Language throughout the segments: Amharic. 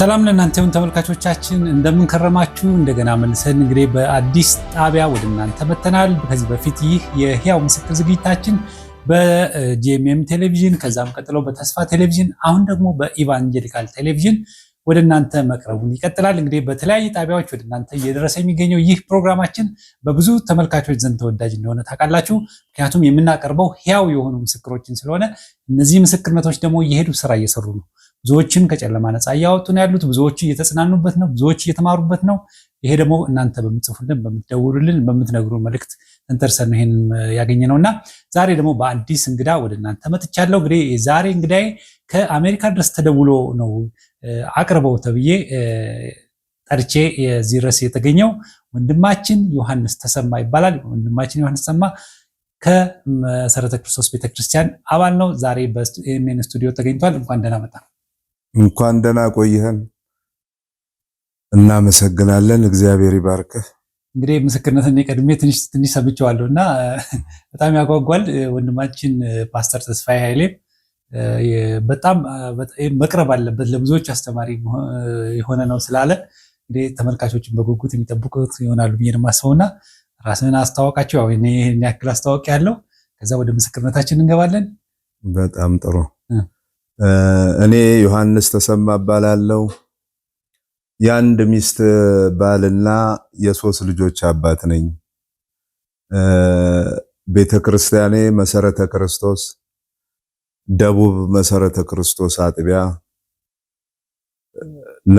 ሰላም ለእናንተ ይሁን ተመልካቾቻችን፣ እንደምንከረማችሁ እንደገና መልሰን እንግዲህ በአዲስ ጣቢያ ወደ እናንተ መተናል። ከዚህ በፊት ይህ የህያው ምስክር ዝግጅታችን በጂኤምኤም ቴሌቪዥን ከዛም ቀጥሎ በተስፋ ቴሌቪዥን አሁን ደግሞ በኢቫንጀሊካል ቴሌቪዥን ወደ እናንተ መቅረቡን ይቀጥላል። እንግዲህ በተለያዩ ጣቢያዎች ወደ እናንተ እየደረሰ የሚገኘው ይህ ፕሮግራማችን በብዙ ተመልካቾች ዘንድ ተወዳጅ እንደሆነ ታውቃላችሁ። ምክንያቱም የምናቀርበው ህያው የሆኑ ምስክሮችን ስለሆነ እነዚህ ምስክርነቶች ደግሞ የሄዱ ስራ እየሰሩ ነው ብዙዎችን ከጨለማ ነፃ እያወጡ ነው ያሉት። ብዙዎች እየተጽናኑበት ነው። ብዙዎች እየተማሩበት ነው። ይሄ ደግሞ እናንተ በምትጽፉልን፣ በምትደውሉልን፣ በምትነግሩ መልእክት እንተርሰን ይሄን ያገኘ እና ዛሬ ደግሞ በአዲስ እንግዳ ወደ እናንተ መጥቻለሁ። እንግዲህ ዛሬ እንግዳ ከአሜሪካ ድረስ ተደውሎ ነው አቅርበው ተብዬ ጠርቼ የዚህ ድረስ የተገኘው ወንድማችን ዮሐንስ ተሰማ ይባላል። ወንድማችን ዮሐንስ ተሰማ ከመሰረተ ክርስቶስ ቤተክርስቲያን አባል ነው። ዛሬ በኤሜን ስቱዲዮ ተገኝቷል። እንኳን ደህና መጣ። እንኳን ደህና ቆይህን። እናመሰግናለን። እግዚአብሔር ይባርክህ። እንግዲህ ምስክርነትን ቀድሜ ትንሽ ትንሽ ሰምቼዋለሁ እና በጣም ያጓጓል። ወንድማችን ፓስተር ተስፋዬ ኃይሌ በጣም መቅረብ አለበት ለብዙዎች አስተማሪ የሆነ ነው ስላለ እንግዲህ ተመልካቾችን በጉጉት የሚጠብቁት ይሆናሉ ብዬ ነው የማስበው እና ራስን አስተዋወቃቸው ያው ያክል አስተዋወቅ ያለው ከዛ ወደ ምስክርነታችን እንገባለን። በጣም ጥሩ እኔ ዮሐንስ ተሰማ እባላለሁ። የአንድ ሚስት ባልና የሶስት ልጆች አባት ነኝ። ቤተክርስቲያኔ መሰረተ ክርስቶስ ደቡብ መሰረተ ክርስቶስ አጥቢያ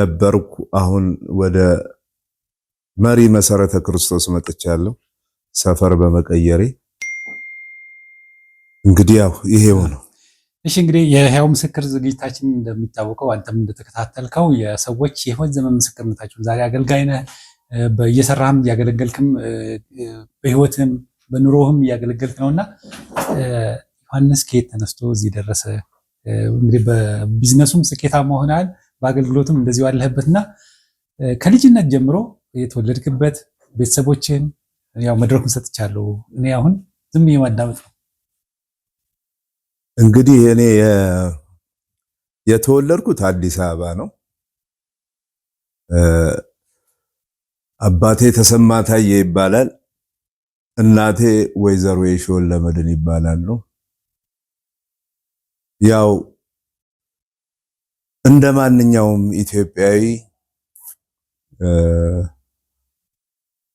ነበርኩ። አሁን ወደ መሪ መሰረተ ክርስቶስ መጥቻለሁ ሰፈር በመቀየሬ። እንግዲህ ያው ይሄው ነው። እሺ እንግዲህ የህያው ምስክር ዝግጅታችን እንደሚታወቀው አንተም እንደተከታተልከው የሰዎች የህይወት ዘመን ምስክርነታቸው ዛሬ አገልጋይ ነህ፣ እየሰራህም እያገለገልክም በህይወትም በኑሮህም እያገለገልክ እና ዮሐንስ ከየት ተነስቶ እዚህ ደረሰ? እንግዲህ በቢዝነሱም ስኬታማ ሆነሃል፣ በአገልግሎትም እንደዚሁ አለህበትና ከልጅነት ጀምሮ የተወለድክበት ቤተሰቦችን ያው መድረኩን ሰጥቻለሁ። እኔ አሁን ዝም የማዳመጥ ነው እንግዲህ እኔ የተወለድኩት አዲስ አበባ ነው። አባቴ ተሰማ ታዬ ይባላል። እናቴ ወይዘሮ የሾን ለመድን ይባላሉ። ያው እንደ ማንኛውም ኢትዮጵያዊ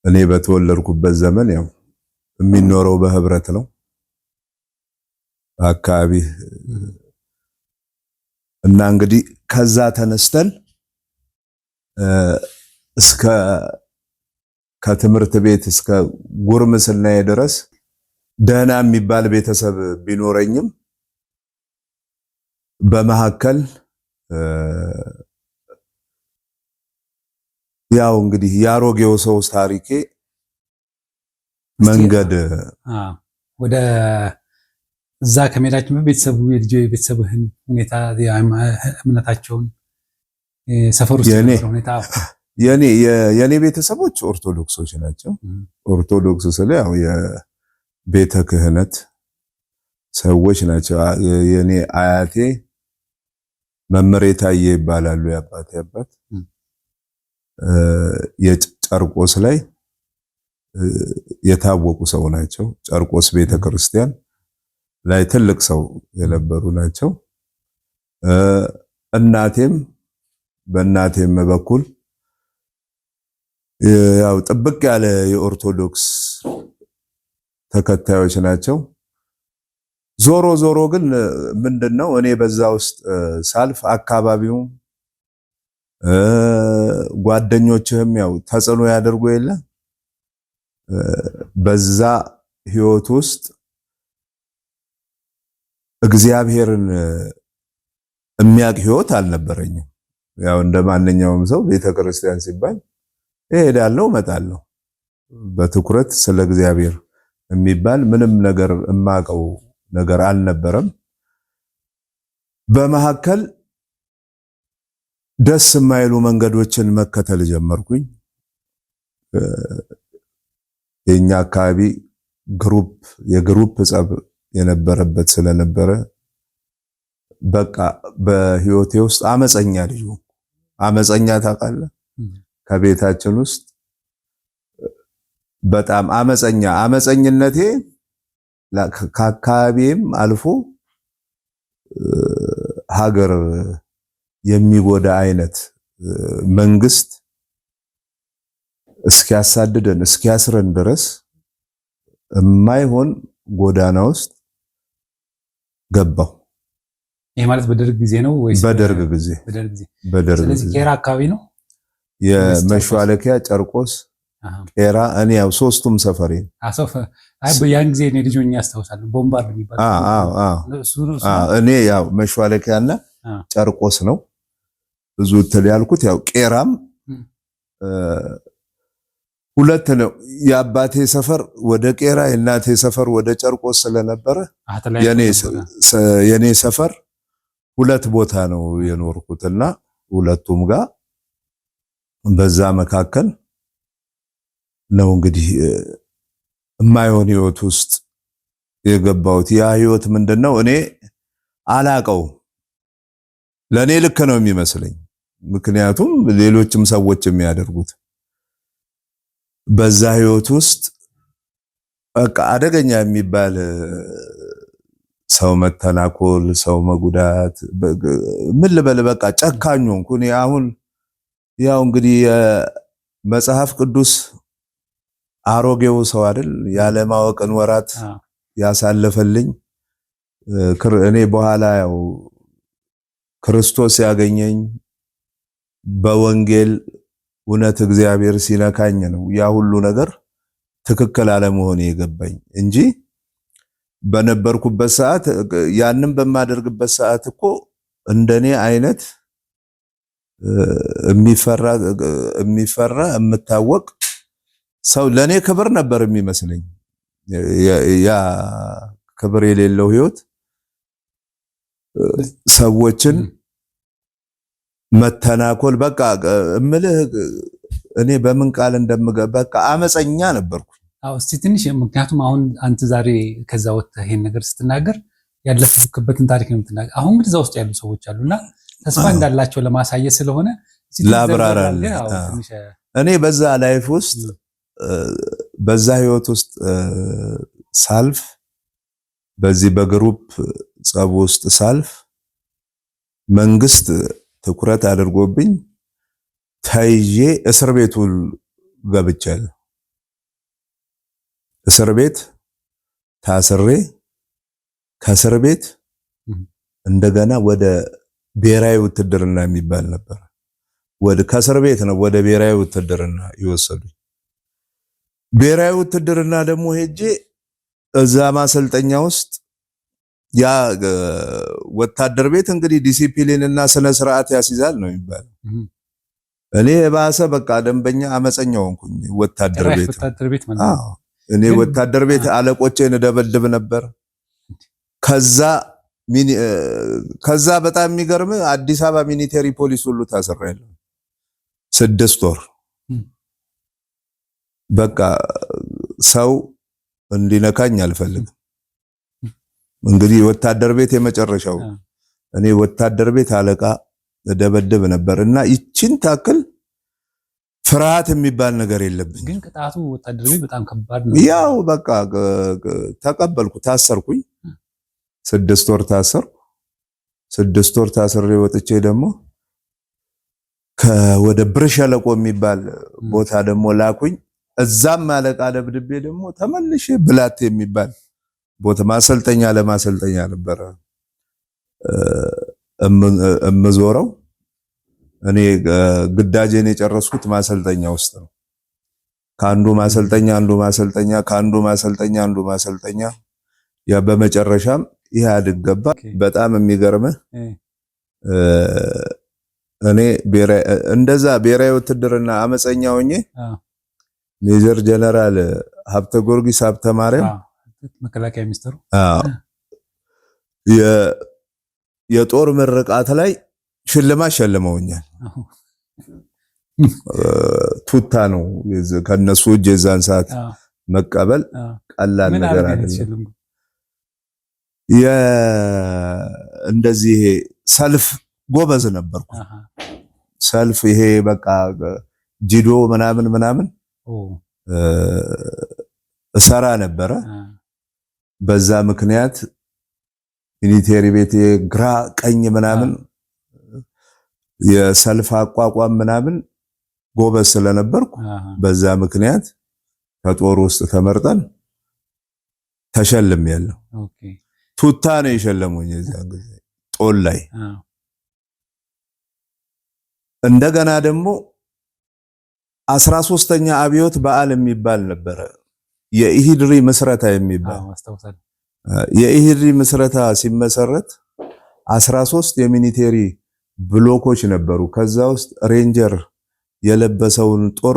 እኔ በተወለድኩበት ዘመን ያው የሚኖረው በህብረት ነው። አካባቢ እና እንግዲህ ከዛ ተነስተን እስከ ከትምህርት ቤት እስከ ጉርምስናዬ ድረስ ደህና የሚባል ቤተሰብ ቢኖረኝም በመካከል ያው እንግዲህ የአሮጌው ሰው ታሪኬ መንገድ ወደ እዛ ከመሄዳችን ቤተሰቡ የልጆ የቤተሰብህን ሁኔታ እምነታቸውን ሰፈር ውስጥ ሁኔታ የኔ የኔ ቤተሰቦች ኦርቶዶክሶች ናቸው። ኦርቶዶክስ ስለ ያው የቤተ ክህነት ሰዎች ናቸው። የኔ አያቴ መምህሬ ታዬ ይባላሉ። የአባቴ አባት የጨርቆስ ላይ የታወቁ ሰው ናቸው። ጨርቆስ ቤተክርስቲያን ላይ ትልቅ ሰው የነበሩ ናቸው። እናቴም በእናቴም በኩል ያው ጥብቅ ያለ የኦርቶዶክስ ተከታዮች ናቸው። ዞሮ ዞሮ ግን ምንድነው እኔ በዛ ውስጥ ሳልፍ አካባቢው ጓደኞችህም ያው ተጽዕኖ ያደርጉ የለ በዛ ህይወት ውስጥ እግዚአብሔርን የሚያቅ ህይወት አልነበረኝም። ያው እንደ ማንኛውም ሰው ቤተ ክርስቲያን ሲባል እሄዳለሁ፣ እመጣለሁ። በትኩረት ስለ እግዚአብሔር የሚባል ምንም ነገር የማውቀው ነገር አልነበረም። በመካከል ደስ የማይሉ መንገዶችን መከተል ጀመርኩኝ። የኛ አካባቢ ግሩፕ የግሩፕ ጸብ የነበረበት ስለነበረ በቃ በህይወቴ ውስጥ አመፀኛ ልጅ አመፀኛ ታውቃለህ፣ ከቤታችን ውስጥ በጣም አመፀኛ አመፀኝነቴ ከአካባቢም አልፎ ሀገር የሚጎዳ አይነት መንግስት እስኪያሳድደን እስኪያስረን ድረስ የማይሆን ጎዳና ውስጥ ገባው። ይሄ ማለት በደርግ ጊዜ ነው ወይስ? በደርግ ጊዜ በደርግ ጊዜ። ቄራ አካባቢ ነው የመሿለኪያ ጨርቆስ ቄራ። እኔ ያው ሶስቱም ሰፈሬ ያን ጊዜ እኔ ልጆኛ ያስታውሳለሁ። ቦምባርድ የሚባል እኔ ያው መሿለኪያና ጨርቆስ ነው ብዙ ትል ያልኩት ያው ቄራም ሁለት ነው። የአባቴ ሰፈር ወደ ቄራ፣ የእናቴ ሰፈር ወደ ጨርቆስ ስለነበረ የኔ ሰፈር ሁለት ቦታ ነው የኖርኩትና ሁለቱም ጋር በዛ መካከል ነው እንግዲህ የማይሆን ህይወት ውስጥ የገባሁት። ያ ህይወት ምንድን ነው እኔ አላቀው። ለእኔ ልክ ነው የሚመስለኝ፣ ምክንያቱም ሌሎችም ሰዎች የሚያደርጉት በዛ ህይወት ውስጥ በቃ አደገኛ የሚባል ሰው መተናኮል፣ ሰው መጉዳት፣ ምን ልበል በቃ ጨካኝ ሆንኩ እኔ። አሁን ያው እንግዲህ የመጽሐፍ ቅዱስ አሮጌው ሰው አይደል ያለማወቅን ወራት ያሳለፈልኝ እኔ በኋላ ያው ክርስቶስ ያገኘኝ በወንጌል እውነት እግዚአብሔር ሲነካኝ ነው ያ ሁሉ ነገር ትክክል አለመሆን የገባኝ እንጂ በነበርኩበት ሰዓት ያንን በማደርግበት ሰዓት እኮ እንደኔ አይነት የሚፈራ የሚፈራ የምታወቅ ሰው ለኔ ክብር ነበር የሚመስለኝ። ያ ክብር የሌለው ህይወት ሰዎችን መተናኮል በቃ እምልህ እኔ በምን ቃል እንደምገባ በቃ አመፀኛ ነበርኩ። አዎ እስቲ ትንሽ ምክንያቱም አሁን አንተ ዛሬ ከዛ ወጥተህ ይሄን ነገር ስትናገር ያለፍክበትን ታሪክ ነው የምትናገር። አሁን እንግዲህ እዛ ውስጥ ያሉ ሰዎች አሉና ተስፋ እንዳላቸው ለማሳየት ስለሆነ ላብራራልህ። እኔ በዛ ላይፍ ውስጥ በዛ ህይወት ውስጥ ሳልፍ በዚህ በግሩፕ ጸብ ውስጥ ሳልፍ መንግስት ትኩረት አድርጎብኝ ተይዤ እስር ቤቱ ገብቻለሁ። እስር ቤት ታስሬ ከእስር ቤት እንደገና ወደ ብሔራዊ ውትድርና የሚባል ነበር። ወደ ከእስር ቤት ነው ወደ ብሔራዊ ውትድርና ይወሰዱኝ። ብሔራዊ ውትድርና ደግሞ ሄጄ እዛ ማሰልጠኛ ውስጥ ያ ወታደር ቤት እንግዲህ ዲሲፕሊን እና ስነ ስርዓት ያስይዛል ነው የሚባለው። እኔ የባሰ በቃ ደንበኛ አመፀኛ ሆንኩኝ። ወታደር ቤት እኔ ወታደር ቤት አለቆቼን እደበድብ ነበር። ከዛ ከዛ በጣም የሚገርም አዲስ አበባ ሚኒቴሪ ፖሊስ ሁሉ ታሰራለሁ ስድስት ወር በቃ ሰው እንዲነካኝ አልፈልግም። እንግዲህ ወታደር ቤት የመጨረሻው እኔ ወታደር ቤት አለቃ ደበደብ ነበር እና ይችን ታክል ፍርሃት የሚባል ነገር የለብኝ። ግን ቅጣቱ ወታደር ቤት በጣም ከባድ ነው። ያው በቃ ተቀበልኩ፣ ታሰርኩኝ። ስድስት ወር ታሰርኩ። ስድስት ወር ታስሬ ወጥቼ ደግሞ ወደ ብር ሸለቆ የሚባል ቦታ ደግሞ ላኩኝ። እዛም አለቃ ደብድቤ ደግሞ ተመልሼ ብላት የሚባል ቦታ ማሰልጠኛ ለማሰልጠኛ ነበረ እምዞረው። እኔ ግዳጄን የጨረስኩት ማሰልጠኛ ውስጥ ነው። ከአንዱ ማሰልጠኛ አንዱ ማሰልጠኛ ከአንዱ ማሰልጠኛ አንዱ ማሰልጠኛ ያ በመጨረሻም ይህ አድገባ በጣም የሚገርምህ እኔ እንደዛ ብሔራዊ ውትድርና አመፀኛ ሆኜ ሜጀር ጀነራል ሀብተ ጊዮርጊስ ሀብተ ማርያም መከላከያ ሚኒስትሩ የጦር ምርቃት ላይ ሽልማት ሸልመውኛል። ቱታ ነው ከነሱ እጅ የዛን ሰዓት መቀበል ቀላል ነገር አይደለም። እንደዚህ ሰልፍ ጎበዝ ነበርኩ። ሰልፍ ይሄ በቃ ጂዶ ምናምን ምናምን እሰራ ነበረ። በዛ ምክንያት ሚሊቴሪ ቤት የግራ ቀኝ ምናምን የሰልፍ አቋቋም ምናምን ጎበዝ ስለነበርኩ በዛ ምክንያት ከጦር ውስጥ ተመርጠን ተሸልም ያለው ቱታ ነው የሸለሙኝ። የዚያን ጊዜ ጦል ላይ እንደገና ደግሞ አስራ ሶስተኛ አብዮት በዓል የሚባል ነበረ። የኢሂድሪ ምስረታ የሚባል የኢሂድሪ ምስረታ ሲመሰረት 13 የሚኒቴሪ ብሎኮች ነበሩ። ከዛ ውስጥ ሬንጀር የለበሰውን ጦር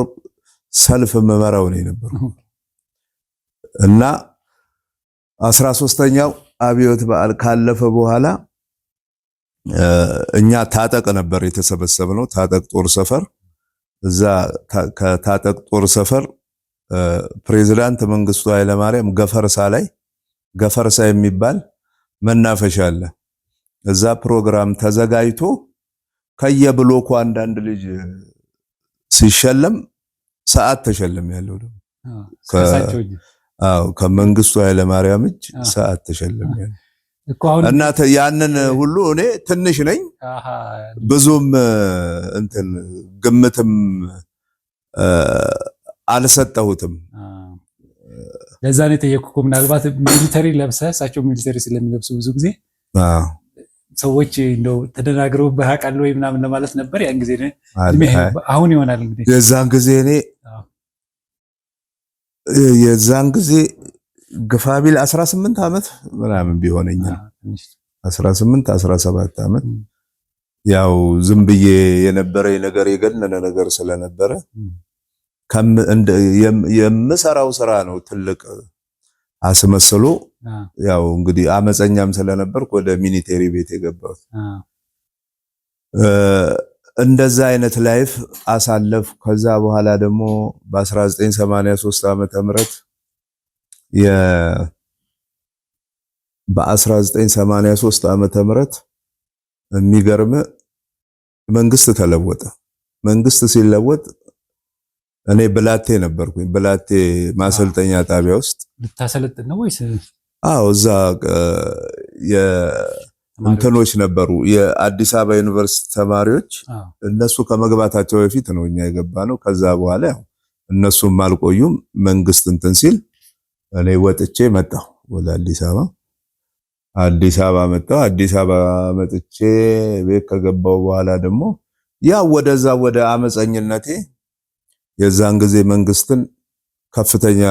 ሰልፍ መመራው ነው የነበሩ እና 13ኛው አብዮት በዓል ካለፈ በኋላ እኛ ታጠቅ ነበር የተሰበሰብነው ታጠቅ ጦር ሰፈር እዛ ከታጠቅ ጦር ሰፈር ፕሬዚዳንት መንግስቱ ኃይለማርያም ገፈርሳ ላይ ገፈርሳ የሚባል መናፈሻ አለ። እዛ ፕሮግራም ተዘጋጅቶ ከየብሎኩ አንዳንድ ልጅ ሲሸለም ሰዓት ተሸለም ያለው ደግሞ አዎ ከመንግስቱ ኃይለማርያም እጅ ሰዓት ተሸለም ያለው እና ያንን ሁሉ እኔ ትንሽ ነኝ ብዙም እንትን ግምትም አልሰጠሁትም። ለዛ ነው የጠየኩህ ምናልባት ሚሊተሪ ለብሰህ እሳቸው ሚሊተሪ ስለሚለብሱ ብዙ ጊዜ ሰዎች እንደው ተደናግረው በሀቃለ ወይ ምናምን ለማለት ነበር። ያን ጊዜ አሁን ይሆናል እንግዲህ የዛን ጊዜ እኔ የዛን ጊዜ ግፋ ቢል 18 ዓመት ምናምን ቢሆነኛ 18 17 ዓመት ያው ዝም ብዬ የነበረ ነገር የገነነ ነገር ስለነበረ የምሰራው ስራ ነው ትልቅ አስመስሎ ያው እንግዲህ አመፀኛም ስለነበርኩ ወደ ሚኒቴሪ ቤት የገባሁት። እንደዛ አይነት ላይፍ አሳለፍ። ከዛ በኋላ ደግሞ በ1983 ዓመተ ምህረት የ በ1983 ዓመተ ምህረት የሚገርም መንግስት ተለወጠ። መንግስት ሲለወጥ እኔ ብላቴ ነበርኩኝ። ብላቴ ማሰልጠኛ ጣቢያ ውስጥ ልታሰለጥን ነው ወይስ? አዎ፣ እዛ የእንትኖች ነበሩ የአዲስ አበባ ዩኒቨርሲቲ ተማሪዎች። እነሱ ከመግባታቸው በፊት ነው እኛ የገባ ነው። ከዛ በኋላ ያው እነሱም አልቆዩም። መንግስት እንትን ሲል እኔ ወጥቼ መጣሁ ወደ አዲስ አበባ። አዲስ አበባ መጣሁ። አዲስ አበባ መጥቼ ቤት ከገባሁ በኋላ ደግሞ ያው ወደዛ ወደ አመፀኝነቴ የዛን ጊዜ መንግስትን ከፍተኛ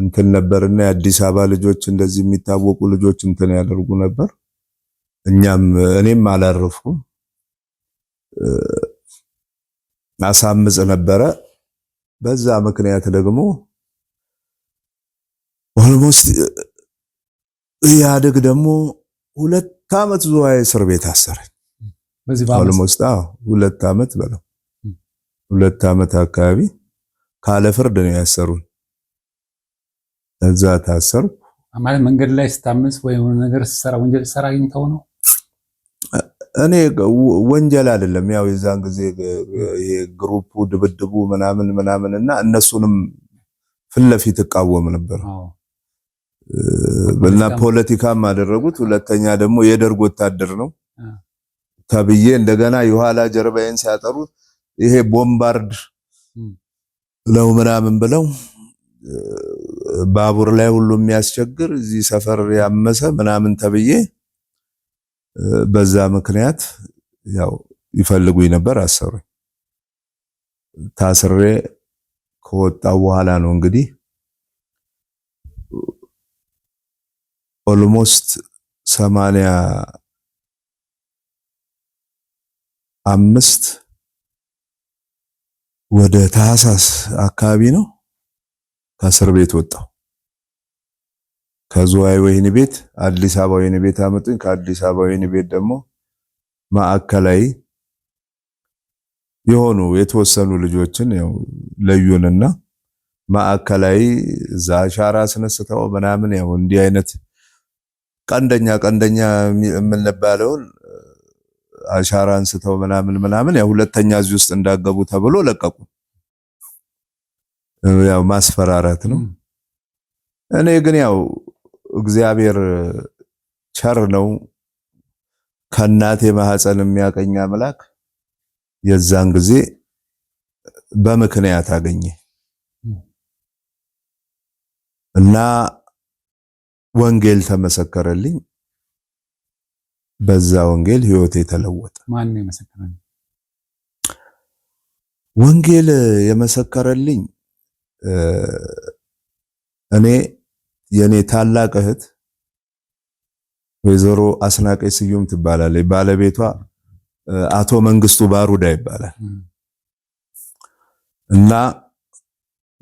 እንትን ነበርና የአዲስ አበባ ልጆች እንደዚህ የሚታወቁ ልጆች እንትን ያደርጉ ነበር። እኛም እኔም አላረፍኩም። አሳምጽ ነበረ። በዛ ምክንያት ደግሞ ኦልሞስት ኢህአዴግ ደግሞ ሁለት ዓመት ዝዋይ እስር ቤት አሰረኝ። ኦልሞስት ሁለት ዓመት በለው ሁለት ዓመት አካባቢ ካለ ፍርድ ነው ያሰሩን። እዛ ታሰርኩ ማለት መንገድ ላይ ስታምስ ወይ ነገር ስሰራ ወንጀል ስሰራ አግኝተው ነው። እኔ ወንጀል አይደለም ያው የዛን ጊዜ ግሩፑ ድብድቡ ምናምን ምናምን እና እነሱንም ፊት ለፊት እቃወም ነበር እና ፖለቲካም አደረጉት። ሁለተኛ ደግሞ የደርግ ወታደር ነው ተብዬ እንደገና የኋላ ጀርባዬን ሲያጠሩት ይሄ ቦምባርድ ነው ምናምን ብለው ባቡር ላይ ሁሉ የሚያስቸግር እዚህ ሰፈር ያመሰ ምናምን ተብዬ በዛ ምክንያት ያው ይፈልጉኝ ነበር፣ አሰሩኝ። ታስሬ ከወጣው በኋላ ነው እንግዲህ ኦልሞስት ሰማንያ አምስት ወደ ታህሳስ አካባቢ ነው ከእስር ቤት ወጣው። ከዝዋይ ወህኒ ቤት አዲስ አበባ ወህኒ ቤት አመጡኝ። ከአዲስ አበባ ወህኒ ቤት ደግሞ ማዕከላዊ የሆኑ የተወሰኑ ልጆችን ያው ለዩንና ማዕከላዊ እዛ አሻራ አስነስተው ምናምን ያው እንዲህ አይነት ቀንደኛ ቀንደኛ የምንባለውን አሻራ አንስተው ምናምን ምናምን ያው ሁለተኛ እዚህ ውስጥ እንዳገቡ ተብሎ ለቀቁ። ያው ማስፈራራት ነው። እኔ ግን ያው እግዚአብሔር ቸር ነው። ከእናቴ ማህፀን የሚያቀኝ አምላክ የዛን ጊዜ በምክንያት አገኘ እና ወንጌል ተመሰከረልኝ። በዛ ወንጌል ህይወት የተለወጠ ማን ነው የመሰከረልኝ? ወንጌል የመሰከረልኝ እኔ የኔ ታላቅ እህት ወይዘሮ አስናቀ ስዩም ትባላለች። ባለቤቷ አቶ መንግስቱ ባሩዳ ይባላል እና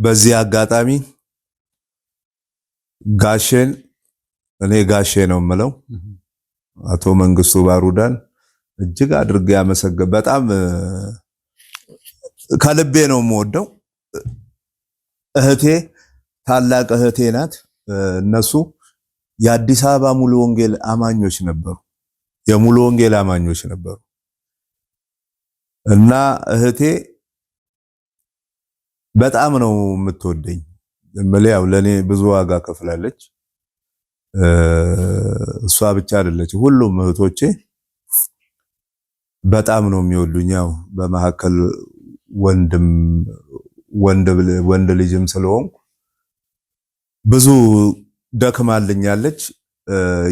በዚህ አጋጣሚ ጋሼን እኔ ጋሼ ነው የምለው አቶ መንግስቱ ባሩዳን እጅግ አድርጌ ያመሰግ በጣም ከልቤ ነው የምወደው። እህቴ ታላቅ እህቴ ናት። እነሱ የአዲስ አበባ ሙሉ ወንጌል አማኞች ነበሩ፣ የሙሉ ወንጌል አማኞች ነበሩ እና እህቴ በጣም ነው የምትወደኝ። ያው ለኔ ብዙ ዋጋ ከፍላለች። እሷ ብቻ አይደለች። ሁሉም እህቶቼ በጣም ነው የሚወዱኝ። ያው በመካከል ወንድም ወንድ ልጅም ስለሆንኩ ብዙ ደክማልኛለች።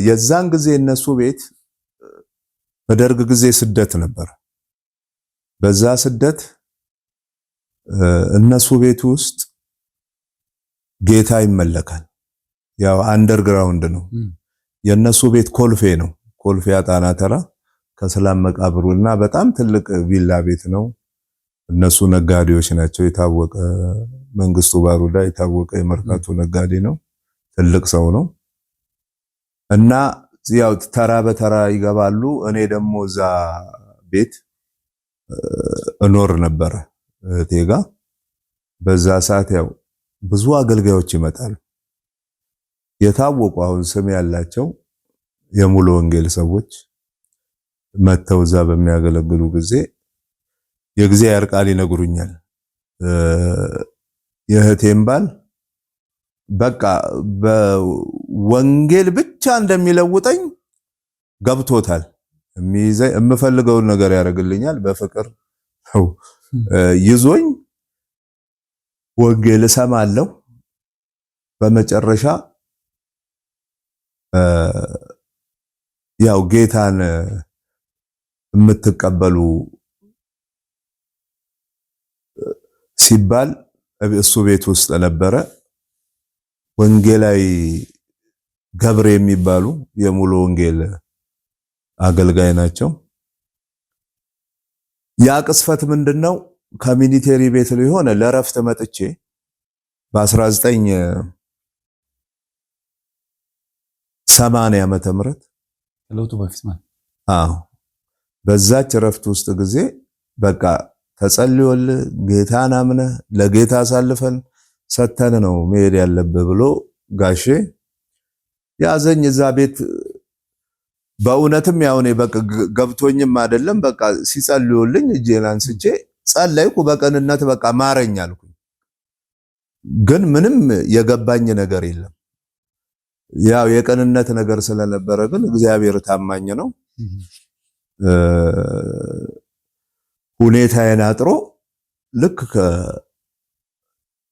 የዛን ጊዜ እነሱ ቤት በደርግ ጊዜ ስደት ነበር። በዛ ስደት እነሱ ቤት ውስጥ ጌታ ይመለካል። ያው አንደርግራውንድ ነው። የነሱ ቤት ኮልፌ ነው። ኮልፌ አጣና ተራ ከሰላም መቃብሩ እና በጣም ትልቅ ቪላ ቤት ነው። እነሱ ነጋዴዎች ናቸው። የታወቀ መንግስቱ ባሩዳ የታወቀ የመርካቶ ነጋዴ ነው። ትልቅ ሰው ነው እና ያው ተራ በተራ ይገባሉ። እኔ ደግሞ እዛ ቤት እኖር ነበረ እቴ በዛ ሰዓት ያው ብዙ አገልጋዮች ይመጣሉ። የታወቁ አሁን ስም ያላቸው የሙሉ ወንጌል ሰዎች መተው እዛ በሚያገለግሉ ጊዜ የእግዚአብሔር ቃል ይነግሩኛል። የእህቴም ባል በቃ በወንጌል ብቻ እንደሚለውጠኝ ገብቶታል። የሚይዘኝ የምፈልገውን ነገር ያደርግልኛል። በፍቅር ነው ይዞኝ ወንጌል እሰማለሁ። በመጨረሻ ያው ጌታን የምትቀበሉ ሲባል እሱ ቤት ውስጥ ነበረ። ወንጌላዊ ገብሬ የሚባሉ የሙሉ ወንጌል አገልጋይ ናቸው። ያ ቅስፈት ምንድነው? ከሚኒቴሪ ቤት ሊሆነ ለረፍት መጥቼ በ19 ሰማንያ ዓመተ ምህረት ለውጡ በፊት ማለት አዎ። በዛች እረፍት ውስጥ ጊዜ በቃ ተጸልዮል ጌታን አምነህ ለጌታ አሳልፈን ሰተን ነው መሄድ ያለብህ ብሎ ጋሼ ያዘኝ እዛ ቤት። በእውነትም ያው እኔ በቃ ገብቶኝም አይደለም በቃ ሲጸልዮልኝ እጄን አንስቼ ጸለይኩ። በቅንነት በቃ ማረኝ አልኩኝ፣ ግን ምንም የገባኝ ነገር የለም። ያው የቀንነት ነገር ስለነበረ ግን እግዚአብሔር ታማኝ ነው። ሁኔታዬን አጥሮ ልክ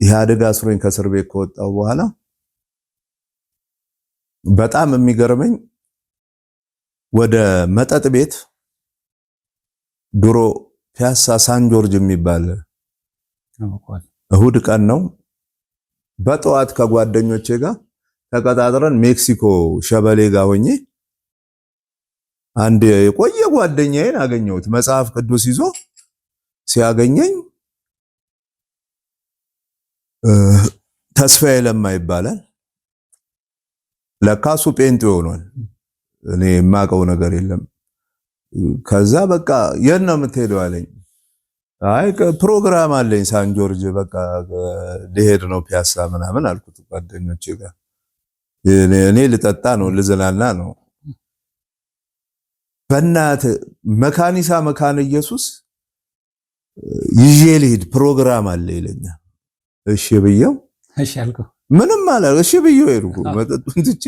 ኢህአዴግ አስሮኝ ከእስር ቤት ከወጣው በኋላ በጣም የሚገርመኝ ወደ መጠጥ ቤት ድሮ ፒያሳ ሳን ጆርጅ የሚባል እሁድ ቀን ነው በጠዋት ከጓደኞቼ ጋር ተቀጣጥረን ሜክሲኮ ሸበሌ ጋር ሆኜ አንድ የቆየ ጓደኛዬን አገኘሁት። መጽሐፍ ቅዱስ ይዞ ሲያገኘኝ ተስፋዬ ለማ ይባላል። ለካ እሱ ጴንጤ ሆኗል። እኔ የማውቀው ነገር የለም። ከዛ በቃ የት ነው የምትሄደው አለኝ። አይ ፕሮግራም አለኝ ጆርጅ በቃ ሊሄድ ነው ፒያሳ ምናምን አልኩት ጓደኞቼ ጋር እኔ ልጠጣ ነው ልዝናና ነው። በእናት መካኒሳ መካነ ኢየሱስ ይዤ ልሂድ ፕሮግራም አለ ይለኛል። እሺ ብየው ምንም አለ እሺ ብየው ሄድኩ። መጠጡን ትቼ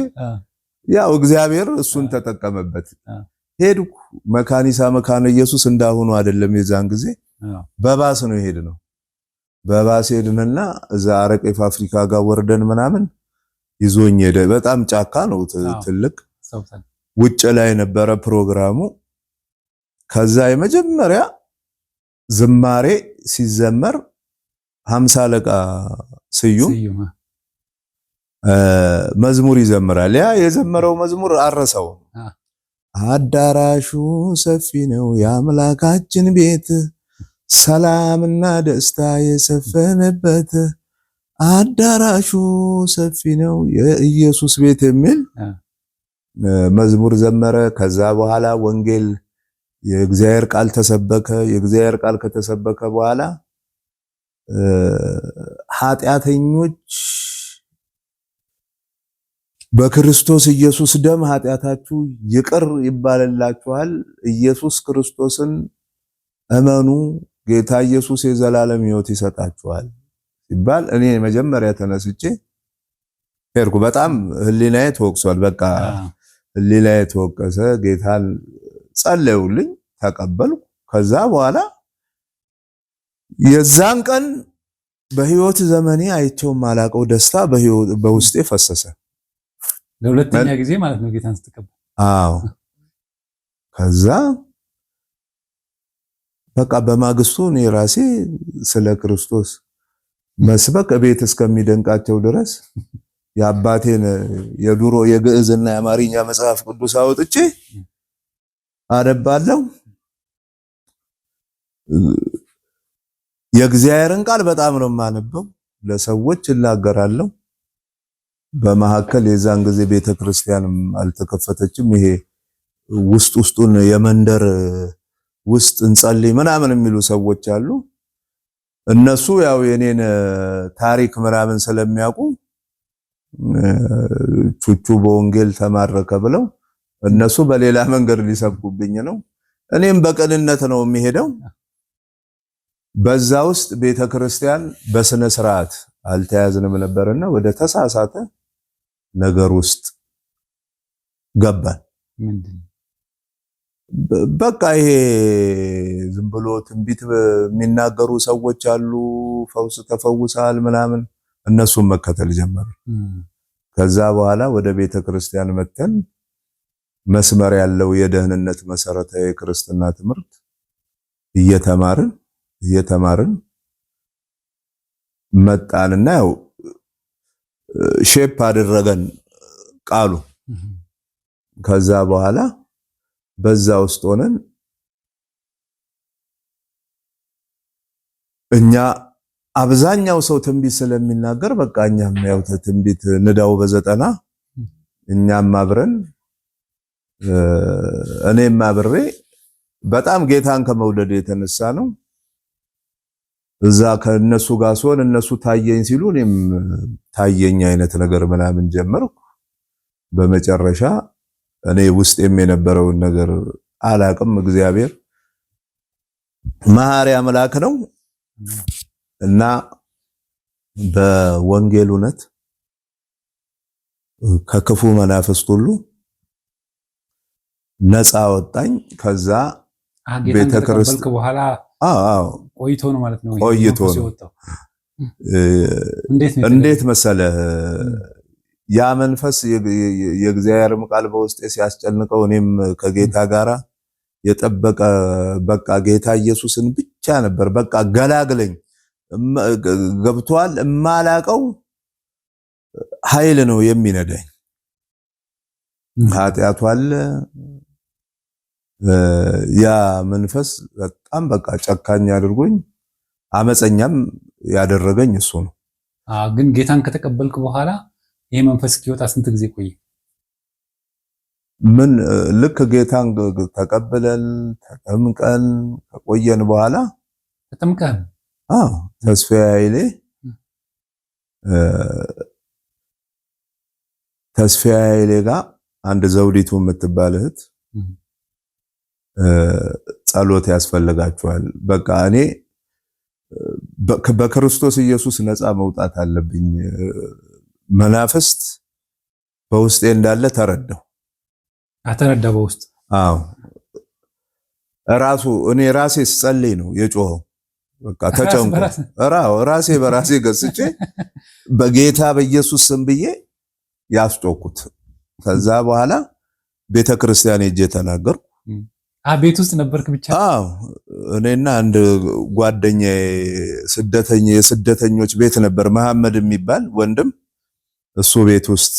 ያው እግዚአብሔር እሱን ተጠቀመበት ሄድኩ። መካኒሳ መካነ ኢየሱስ እንዳሁኑ አይደለም። የዛን ጊዜ በባስ ነው የሄድነው። በባስ ሄድንና እዛ አረቄ አፍሪካ ጋር ወርደን ምናምን ይዞኝ ሄደ። በጣም ጫካ ነው ትልቅ። ውጭ ላይ ነበረ ፕሮግራሙ። ከዛ የመጀመሪያ ዝማሬ ሲዘመር ሀምሳ አለቃ ስዩም መዝሙር ይዘምራል። ያ የዘመረው መዝሙር አረሰው። አዳራሹ ሰፊ ነው የአምላካችን ቤት፣ ሰላምና ደስታ የሰፈነበት አዳራሹ ሰፊ ነው የኢየሱስ ቤት የሚል መዝሙር ዘመረ። ከዛ በኋላ ወንጌል የእግዚአብሔር ቃል ተሰበከ። የእግዚአብሔር ቃል ከተሰበከ በኋላ ኃጢአተኞች በክርስቶስ ኢየሱስ ደም ኃጢአታችሁ ይቅር ይባልላችኋል፣ ኢየሱስ ክርስቶስን እመኑ፣ ጌታ ኢየሱስ የዘላለም ሕይወት ይሰጣችኋል ሲባል እኔ መጀመሪያ ተነስቼ ሄድኩ። በጣም ህሊናዬ ተወቅሷል። በቃ ህሊናዬ ተወቀሰ። ጌታን ጸለዩልኝ፣ ተቀበልኩ። ከዛ በኋላ የዛን ቀን በህይወት ዘመኔ አይቼው ማላቀው ደስታ በውስጤ ፈሰሰ። ለሁለተኛ ጊዜ ማለት ነው ጌታን ስትቀበል? አዎ። ከዛ በቃ በማግስቱ እኔ ራሴ ስለ ክርስቶስ መስበክ ቤት እስከሚደንቃቸው ድረስ የአባቴን የድሮ የግዕዝና የአማርኛ መጽሐፍ ቅዱስ አውጥቼ አነባለሁ። የእግዚአብሔርን ቃል በጣም ነው የማነበው፣ ለሰዎች እናገራለሁ። በመሀከል የዛን ጊዜ ቤተክርስቲያንም አልተከፈተችም። ይሄ ውስጥ ውስጡን የመንደር ውስጥ እንጸልይ ምናምን የሚሉ ሰዎች አሉ። እነሱ ያው የኔን ታሪክ ምናምን ስለሚያውቁ ቹቹ በወንጌል ተማረከ ብለው እነሱ በሌላ መንገድ ሊሰብኩብኝ ነው። እኔም በቅንነት ነው የሚሄደው። በዛ ውስጥ ቤተክርስቲያን በስነ ስርዓት አልተያዝንም ነበርና ወደ ተሳሳተ ነገር ውስጥ ገባን። በቃ ይሄ ዝም ብሎ ትንቢት የሚናገሩ ሰዎች አሉ፣ ፈውስ ተፈውሳል ምናምን፣ እነሱን መከተል ጀመር። ከዛ በኋላ ወደ ቤተ ክርስቲያን መተን መስመር ያለው የደህንነት መሰረታዊ የክርስትና ትምህርት እየተማርን እየተማርን መጣንና ያው ሼፕ አደረገን ቃሉ ከዛ በኋላ በዛ ውስጥ ሆነን እኛ አብዛኛው ሰው ትንቢት ስለሚናገር በቃ እኛም ያው ትንቢት ንዳው በዘጠና እኛም አብረን እኔም አብሬ በጣም ጌታን ከመውደድ የተነሳ ነው። እዛ ከነሱ ጋር ሲሆን እነሱ ታየኝ ሲሉ እኔም ታየኝ አይነት ነገር ምናምን ጀመርኩ በመጨረሻ እኔ ውስጤም የነበረውን ነገር አላቅም። እግዚአብሔር መሐሪ አምላክ ነው እና በወንጌል እውነት ከክፉ መናፍስት ሁሉ ነፃ ወጣኝ። ከዛ ቤተክርስቲያን በኋላ ቆይቶ ነው ማለት ነው። ቆይቶ ነው እንዴት መሰለ ያ መንፈስ የእግዚአብሔርም ቃል በውስጤ ሲያስጨንቀው እኔም ከጌታ ጋራ የጠበቀ በቃ ጌታ ኢየሱስን ብቻ ነበር። በቃ ገላግለኝ ገብቷል። እማላቀው ኃይል ነው የሚነዳኝ። ኃጢአቱ አለ። ያ መንፈስ በጣም በቃ ጨካኝ አድርጎኝ አመፀኛም ያደረገኝ እሱ ነው። ግን ጌታን ከተቀበልክ በኋላ ይሄ መንፈስ እስኪወጣ ስንት ጊዜ ቆየ? ምን ልክ ጌታን ተቀብለን ተጠምቀን ከቆየን በኋላ ተጠምቀን፣ አዎ ተስፋዬ ኃይሌ ተስፋዬ ኃይሌ ጋር አንድ ዘውዲቱ የምትባል እህት ጸሎት ያስፈልጋችኋል፣ በቃ እኔ በክርስቶስ ኢየሱስ ነፃ መውጣት አለብኝ መናፍስት በውስጤ እንዳለ ተረዳው። አተረዳ በውስጥ አዎ፣ ራሱ እኔ ራሴ ስጸልይ ነው የጮኸው። በቃ ተጨንቆ ራሴ በራሴ ገስጬ በጌታ በኢየሱስ ስም ብዬ ያስጮኩት። ከዛ በኋላ ቤተ ክርስቲያን ሄጄ ተናገርኩ። ቤት ውስጥ ነበርክ ብቻ? አዎ፣ እኔና አንድ ጓደኛ ስደተኛ የስደተኞች ቤት ነበር መሐመድ የሚባል ወንድም እሱ ቤት ውስጥ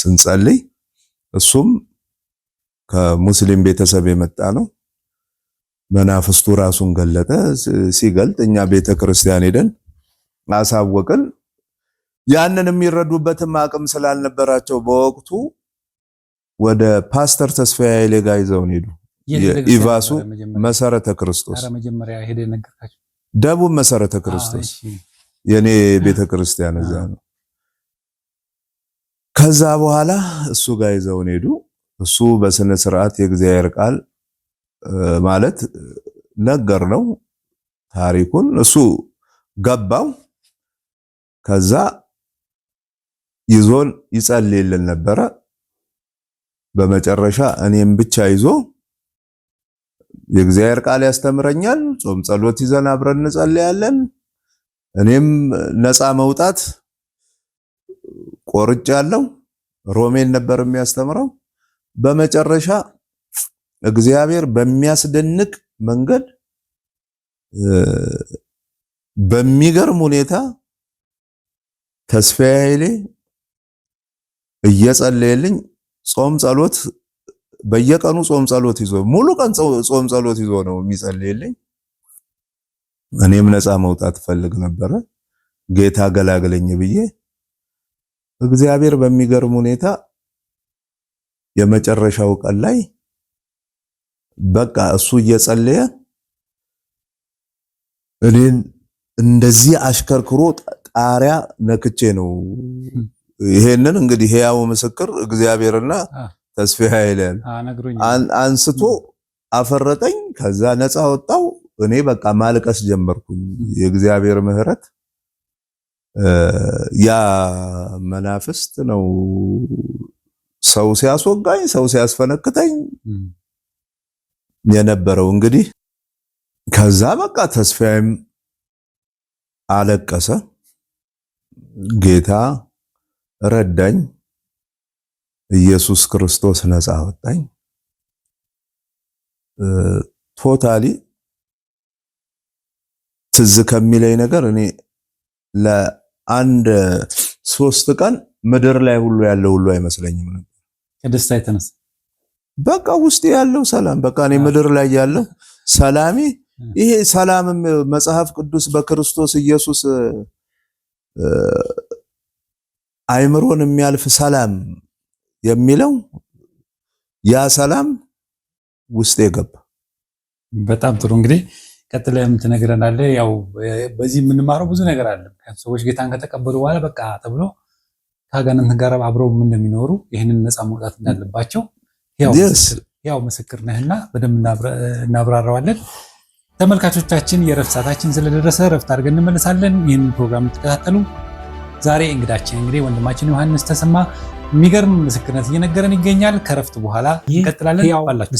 ስንጸልይ እሱም ከሙስሊም ቤተሰብ የመጣ ነው። መናፍስቱ ራሱን ገለጠ። ሲገልጥ እኛ ቤተ ክርስቲያን ሄደን አሳወቅን። ያንን የሚረዱበትም አቅም ስላልነበራቸው በወቅቱ ወደ ፓስተር ተስፋዬ ኃይሌ ጋር ይዘውን ሄዱ። ኢቫሱ መሰረተ ክርስቶስ ደቡብ መሰረተ ክርስቶስ የኔ ቤተ ክርስቲያን እዛ ነው። ከዛ በኋላ እሱ ጋር ይዘውን ሄዱ። እሱ በስነ ስርዓት የእግዚአብሔር ቃል ማለት ነገር ነው ታሪኩን እሱ ገባው። ከዛ ይዞን ይጸልይልን ነበረ። በመጨረሻ እኔም ብቻ ይዞ የእግዚአብሔር ቃል ያስተምረኛል። ጾም ጸሎት ይዘን አብረን እንጸልያለን። እኔም ነፃ መውጣት ቆርጫለሁ። ሮሜን ነበር የሚያስተምረው። በመጨረሻ እግዚአብሔር በሚያስደንቅ መንገድ በሚገርም ሁኔታ ተስፋዬ ኃይሌ እየጸለየልኝ ጾም ጸሎት በየቀኑ ጾም ጸሎት ይዞ ሙሉ ቀን ጾም ጸሎት ይዞ ነው የሚጸልይልኝ። እኔም ነፃ መውጣት ፈልግ ነበረ። ጌታ ገላግለኝ ብዬ እግዚአብሔር በሚገርም ሁኔታ የመጨረሻው ቀን ላይ በቃ እሱ እየጸለየ እኔን እንደዚህ አሽከርክሮ ጣሪያ ነክቼ ነው። ይሄንን እንግዲህ ሕያው ምስክር እግዚአብሔርና ተስፋ ኃይለን አንስቶ አፈረጠኝ። ከዛ ነፃ ወጣው። እኔ በቃ ማልቀስ ጀመርኩኝ። የእግዚአብሔር ምሕረት ያ መናፍስት ነው ሰው ሲያስወጋኝ ሰው ሲያስፈነክተኝ የነበረው እንግዲህ ከዛ በቃ ተስፋዬም አለቀሰ። ጌታ ረዳኝ። ኢየሱስ ክርስቶስ ነፃ አወጣኝ ቶታሊ ትዝ ከሚለኝ ነገር እኔ ለአንድ ሶስት ቀን ምድር ላይ ሁሉ ያለው ሁሉ አይመስለኝም ነበር ከደስታ የተነሳ በቃ ውስጤ ያለው ሰላም በቃ እኔ ምድር ላይ ያለው ሰላሜ ይሄ ሰላምም መጽሐፍ ቅዱስ በክርስቶስ ኢየሱስ አይምሮን የሚያልፍ ሰላም የሚለው ያ ሰላም ውስጤ ገባ። በጣም ጥሩ እንግዲህ ቀጥለ ትነግረናለህ። ያው በዚህ የምንማረው ብዙ ነገር አለ። ሰዎች ጌታን ከተቀበሉ በኋላ በቃ ተብሎ ከአጋንንት ጋር አብረው እንደሚኖሩ ይህንን ነፃ መውጣት እንዳለባቸው ያው ምስክር ነህና በደንብ እናብራራዋለን። ተመልካቾቻችን የእረፍት ሰዓታችን ስለደረሰ እረፍት አድርገን እንመለሳለን። ይህንን ፕሮግራም የምትከታተሉ ዛሬ እንግዳችን እንግዲህ ወንድማችን ዮሐንስ ተሰማ የሚገርም ምስክርነት እየነገረን ይገኛል። ከእረፍት በኋላ እንቀጥላለን ባላችሁ